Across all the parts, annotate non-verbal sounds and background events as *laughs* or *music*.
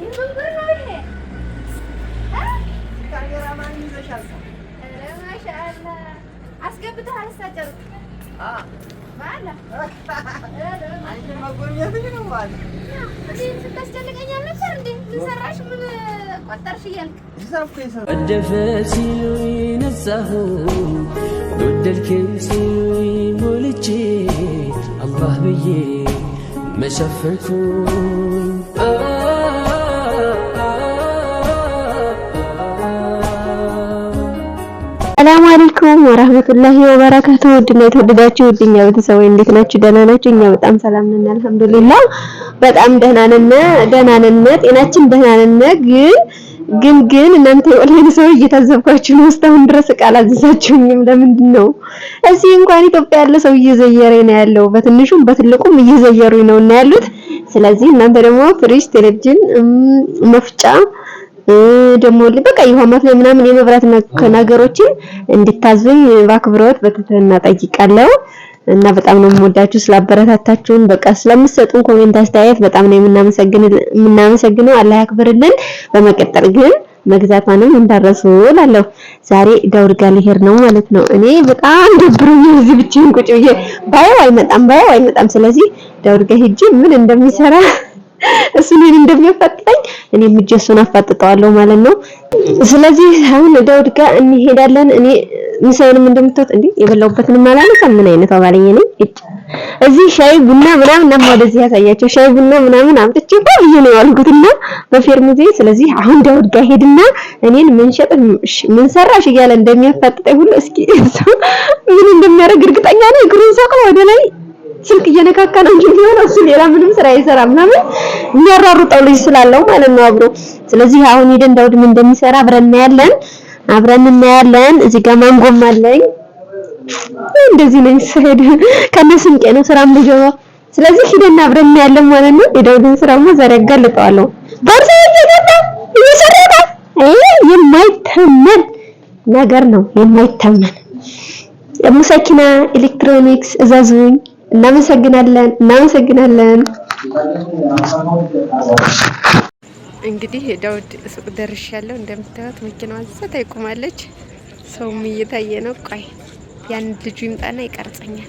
Yıldız böyle. አስገብተህ አልሳጨርም አለ አንቺ መጎብኘት ነው አለ ስታስጨንቀኛለች እንዴ ምን ሰራሽ ምን ቆጠርሽ እያልክ ቀደፈ ሲሉኝ ነጻሁ ጎደልክም ሲሉኝ ሞልቼ አላህ ብዬ መሸፈንኩኝ ሰላም አለይኩም ወራህመቱላሂ ወበረካቱ። ውድና የተወደዳችሁ ውድኛ ቤተሰቦች እንዴት ናችሁ? ደህና ናችሁ? እኛ በጣም ሰላም ነን፣ አልሐምዱሊላህ በጣም ደህና ነን፣ ደህና ነን፣ ጤናችን ደህና ነን። ግን ግን ግን እናንተ የኦንላይን ሰው እየታዘብኳችሁ ነው። እስካሁን ድረስ ዕቃ አላዘዛችሁኝም። ለምንድን ነው? እዚህ እንኳን ኢትዮጵያ ያለ ሰው እየዘየረ ነው ያለው፣ በትንሹም በትልቁም እየዘየሩ ነው እና ያሉት። ስለዚህ እናንተ ደግሞ ፍሪጅ፣ ቴሌቪዥን፣ መፍጫ ደግሞ በቃ የሆማት ላይ ምናምን የመብራት ነገሮችን እንድታዙኝ ባክብረውት በትህትና ጠይቃለሁ። እና በጣም ነው የምወዳችሁ ስላበረታታችሁን፣ በቃ ስለምትሰጡን ኮሜንት፣ አስተያየት በጣም ነው የምናመሰግነው። አላህ ያክብርልን። በመቀጠል ግን መግዛቷንም እንዳረሱ እላለሁ። ዛሬ ደውር ጋር ልሄድ ነው ማለት ነው። እኔ በጣም ደብሮኝ እዚህ ብቻዬን ቁጭ ብዬ ባየው አይመጣም፣ ባየው አይመጣም። ስለዚህ ደውር ጋር ሄጄ ምን እንደሚሰራ እሱ ምን እንደሚያፋጥጠኝ እኔ ምጀሱን እሱን አፋጥጠዋለሁ ማለት ነው። ስለዚህ አሁን ዳውድ ጋር እንሄዳለን። እኔ ምሳዬንም እንደምታውት እንዴ የበላሁበትን ማላነሳ ምን አይነት አባለኝ ነኝ? እዚህ ሻይ ቡና ምናምን እና ወደዚህ ያሳያቸው ሻይ ቡና ምናምን አምጥቼ ብዬ ነው ያልኩትና በፌርሙዜ። ስለዚህ አሁን ዳውድ ጋር ሄድና እኔን ምን ሸጥ ምን ሰራሽ እያለ እንደሚያፋጥጠኝ ሁሉ እስኪ ምን እንደሚያደርግ እርግጠኛ ነኝ። እግሩን ሰቀ ወደ ላይ ስልክ እየነካካ ነው እንጂ ቢሆን እሱ ሌላ ምንም ስራ ይሰራ ምናምን የሚያራሩጠው ልጅ ስላለው ማለት ነው አብሮ። ስለዚህ አሁን ሄደን ዳውድ ምን እንደሚሰራ አብረን እናያለን፣ አብረን እናያለን። እዚህ ጋር ማንጎም አለኝ እንደዚህ ነው የሚሰሄድ። ከነሱም ነው ስራም ልጀባ። ስለዚህ ሄደን አብረን እናያለን ማለት ነው። የዳውድን ስራማ ዛሬ አጋልጠዋለሁ። ባርሳ ይደዳ ይሰራዳ የማይተመን ነገር ነው የማይተመን ሙሰኪና ኤሌክትሮኒክስ እዛዙኝ እናመሰግናለን፣ እናመሰግናለን። እንግዲህ ዳውድ ሱቅ ደርሻለሁ። እንደምታዩት መኪናዋ እዛ ታይቆማለች። ሰውም እየታየ ነው። ቆይ ያን ልጁ ይምጣና ይቀርጸኛል።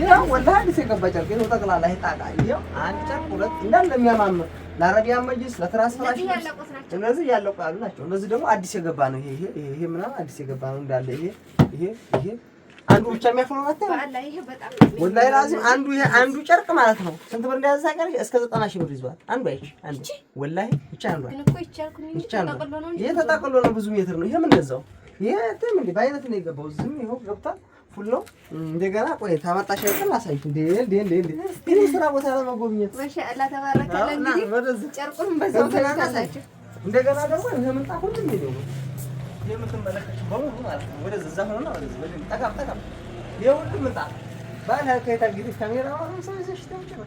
ይኸው ወላሂ አዲስ የገባ ጨርቅ ይኸው ጠቅላላ ይሄ ጣቃ ይኸው አንድ ጨርቅ ሁለት እንዳለ የሚያማምር ለአረቢያ መጅስ ለትራስ ፍራሽ እነዚህ ያለቁ ያሉ ናቸው። እነዚህ ደግሞ አዲስ የገባ ነው። ይሄ ይሄ ይሄ ምናምን አዲስ የገባ ነው እንዳለ ይሄ ይሄ ይሄ አንዱ ብቻ የሚያፈነው ማለት ነው። ወላሂ ላዚም አንዱ ይሄ አንዱ ጨርቅ ማለት ነው። ስንት ብር እንደያዘ ታውቂያለሽ? እስከ ዘጠና ሺህ ብር ይዟል። አንዱ አይች አንዱ ወላሂ ብቻ አንዱ ብቻ አንዱ ይሄ ተጠቅሎ ነው። ብዙ ሜትር ነው። ይሄም እንደዛው ይሄ ትም እንደ በአይነት ነው የገባው። ዝም ይኸው ገብቷል ፉል ነው። እንደገና ቆይ ታመጣሽ አይደል? ላሳይሽ። እንዴ እንዴ እንዴ እንዴ እኔ ስራ ቦታ ለመጎብኘት ማሻአላ ተባረከለ። እንግዲህ ጨርቁንም በዛው ታሳይሽ። እንደገና ደግሞ ይሄ ምንጣፍ ሁሉ ነው የምትመለከቱት በሙሉ ማለት ነው። ወደዚህ እዛ ሆነና ወደዚህ በደንብ ጠቃም ጠቃም የሁሉ ምንጣፍ ባለ ከየታ እንግዲህ ካሜራ ሰው ይዘሽ ተምጭ ነው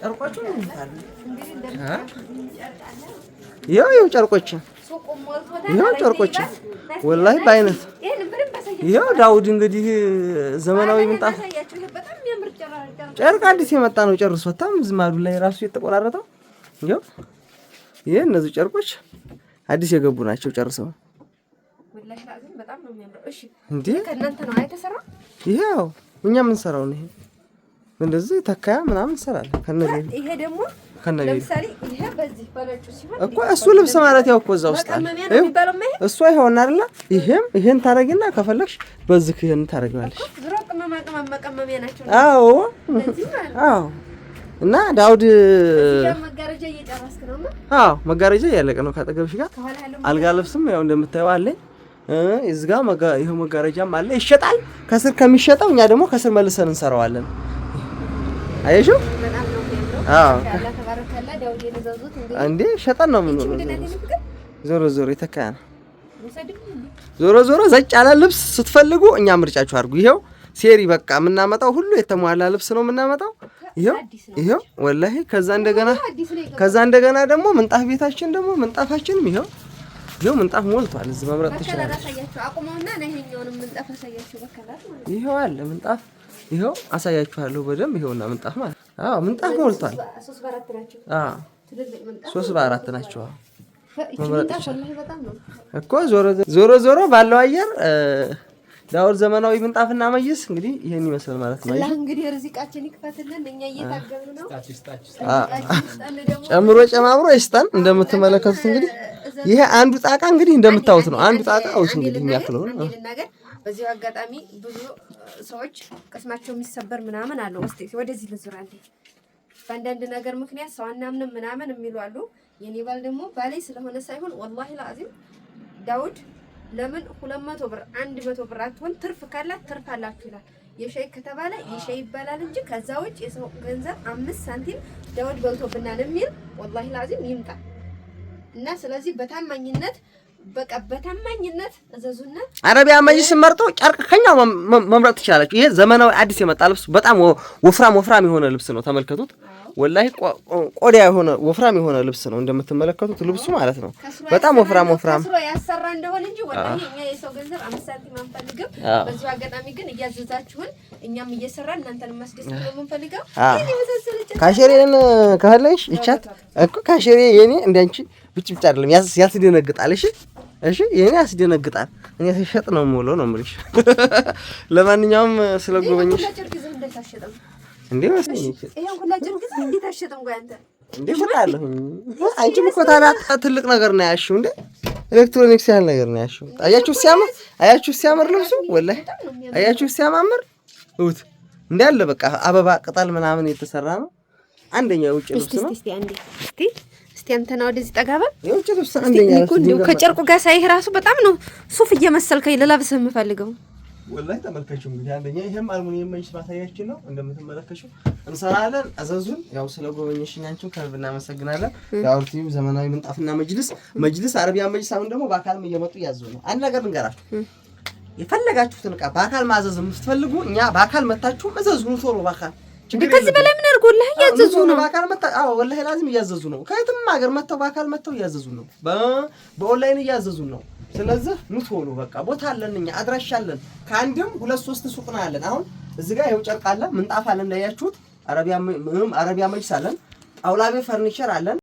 ጨርቆቹን ይባሉ ያው ያው ጨርቆችን ያው ጨርቆችን ወላሂ በአይነት ያው ዳውድ እንግዲህ ዘመናዊ ምንጣፍ ጨርቅ አዲስ የመጣ ነው። ጨርሶ ታም ዝማዱ ላይ ራሱ የተቆራረጠው ያው ይሄ እነዚህ ጨርቆች አዲስ የገቡ ናቸው። ጨርሰው እንዴ ይሄው እኛ የምንሰራው ነው። እንደዚህ ተካያ ምናምን እንሰራለን። ከነቤት ይሄ ደግሞ ከነቤት እኮ እሱ ልብስ ማለት ያው እኮ እዛ ውስጥ እሱ አይሆን አይደለ? ይሄም ይሄን ታረጊና ከፈለግሽ በዚህ ይሄን ታረጊዋለሽ። አዎ አዎ። እና ዳውድ አዎ፣ መጋረጃ እያለቀ ነው ካጠገብሽ ጋር አልጋ ልብስም ያው እንደምታየው አለኝ። እዚህ ጋር ይሄ መጋረጃም አለ ይሸጣል። ከስር ከሚሸጠው እኛ ደግሞ ከስር መልሰን እንሰራዋለን። አየሽው? አዎ እንዴ ሸጠን ነው የምኖረው። ዞሮ ዞሮ የተካ ነው። ዞሮ ዞሮ ዘጭ ያለ ልብስ ስትፈልጉ እኛ ምርጫችሁ አድርጉ። ይሄው ሴሪ በቃ የምናመጣው ሁሉ የተሟላ ልብስ ነው የምናመጣው። ይሄው ይሄው ወላሂ። ከዛ እንደገና ከዛ እንደገና ደግሞ ምንጣፍ ቤታችን ደግሞ ምንጣፋችንም ይሄው ይሄው ምንጣፍ ሞልቷል። እዚህ መምረጥ ትችላለች። ይሄው አለ ምንጣፍ ይኸው አሳያችኋለሁ በደንብ ይኸውና፣ ምንጣፍ ማለት አዎ፣ ምንጣፍ ሞልቷል። ሶስት በአራት ናቸው እኮ ዞሮ ዞሮ ባለው አየር ዳውር ዘመናዊ ምንጣፍና መይስ እንግዲህ ይህን ይመስል ማለት ነው። እንግዲህ ርዚቃችን ይክፈትልን፣ እኛ እየታገልን ነው። ጨምሮ ጨማምሮ ይስጠን። እንደምትመለከቱት እንግዲህ ይሄ አንዱ ጣቃ እንግዲህ እንደምታዩት ነው። አንዱ ጣቃ ውስጥ እንግዲህ የሚያክለው ነው። በዚሁ አጋጣሚ ብዙ ሰዎች ቅስማቸው የሚሰበር ምናምን አለው። እስቲ ወደዚህ ልዙር በአንዳንድ ነገር ምክንያት ሰው አናምንም ምናምን የሚሉ አሉ። የኔ ባል ደግሞ ባሌ ስለሆነ ሳይሆን ወላሂ ለአዚም ዳውድ ለምን ሁለት መቶ ብር አንድ መቶ ብር አትሆን ትርፍ ካላት ትርፍ አላችሁ ይላል። የሸይ ከተባለ የሸይ ይባላል እንጂ ከዛ ውጭ የሰው ገንዘብ አምስት ሳንቲም ዳውድ በልቶብናል የሚል ወላሂ ለአዚም ይምጣል እና ስለዚህ በታማኝነት በቃ በታማኝነት እዘዙና አረቢያ መጅሊስ መርጦ ጨርቅ ከኛው መምረጥ ትችላላችሁ። ይሄ ዘመናዊ አዲስ የመጣ ልብስ በጣም ወፍራም ወፍራም የሆነ ልብስ ነው። ተመልከቱት። ወላሂ ቆዳ የሆነ ወፍራም የሆነ ልብስ ነው እንደምትመለከቱት፣ ልብሱ ማለት ነው። በጣም ወፍራም ወፍራም ያሰራ እንደሆነ እንጂ ወላሂ የሰው ገንዘብ አምስት አንፈልግም። በዚሁ አጋጣሚ ግን እያዘዛችሁን እኛም እየሰራ እናንተን ማስደሰት ካሸሬን ከፈለግሽ ይቻት እኮ ካሸሬ የኔ እንደ ብጭ ብጭ አይደለም፣ ያስደነግጣል። እሺ እሺ የኔ ያስደነግጣል። እኔ ሲሸጥ ነው ሞሎ ነው የምልሽ። *laughs* ለማንኛውም ስለ ጎበኝሽ እንዴ መሰለኝ አንቺም እኮ ታዲያ ትልቅ ነገር ነው ያልሽው እንዴ ኤሌክትሮኒክስ ያህል ነገር ነው ያልሽው። አያችሁ ሲያምር፣ አያችሁ ሲያምር ልብሱ ወላሂ፣ አያችሁ ሲያማምር እውት እንዳለ በቃ አበባ ቅጠል ምናምን የተሰራ ነው። አንደኛው የውጭ ልብስ ነው። አንተና ወደዚህ ጠጋ በል። ከጨርቁ ጋር ሳይህ ራሱ በጣም ነው ሱፍ እየመሰልከኝ ልለብስህ የምፈልገው። ወላይ ተመልካችሁ እንግዲህ አንደኛ ይሄም አልሙኒየም መንሽ ማሳያችን ነው። እንደምትመለከቱ እንሰራለን። አዘዙን። ያው ስለ ጎበኘሽኝ አንቺን ከልብ እናመሰግናለን። ያው ቲቪ ዘመናዊ ምንጣፍና መጅልስ መጅልስ አረቢያን መጅልስ አሁን ደግሞ በአካልም እየመጡ ያዙ ነው። አንድ ነገር ልንገራችሁ የፈለጋችሁትን ዕቃ በአካል ማዘዝ የምትፈልጉ እኛ በአካል መታችሁ መዘዙ ቶሎ በአካል ከዚህ በላይ ምን አድርጎልህ? እያዘዙ ነው በአካል መጥተው። አዎ ወላሂ ላዚም እያዘዙ ነው። ከየትም ሀገር መጥተው በአካል መጥተው እያዘዙ ነው። በኦንላይን እያዘዙ ነው። ስለዚህ ኑ ቶሎ በቃ ቦታ አለን፣ እኛ አድራሻ አለን። ከአንድም ሁለት ሶስት ሱቅ ነው ያለን። አሁን እዚህ ጋር ይኸው ጨርቅ አለ፣ ምንጣፍ አለ እንዳያችሁት፣ አረቢያ መጅስ አለን፣ ጣውላ ቤት ፈርኒቸር አለን።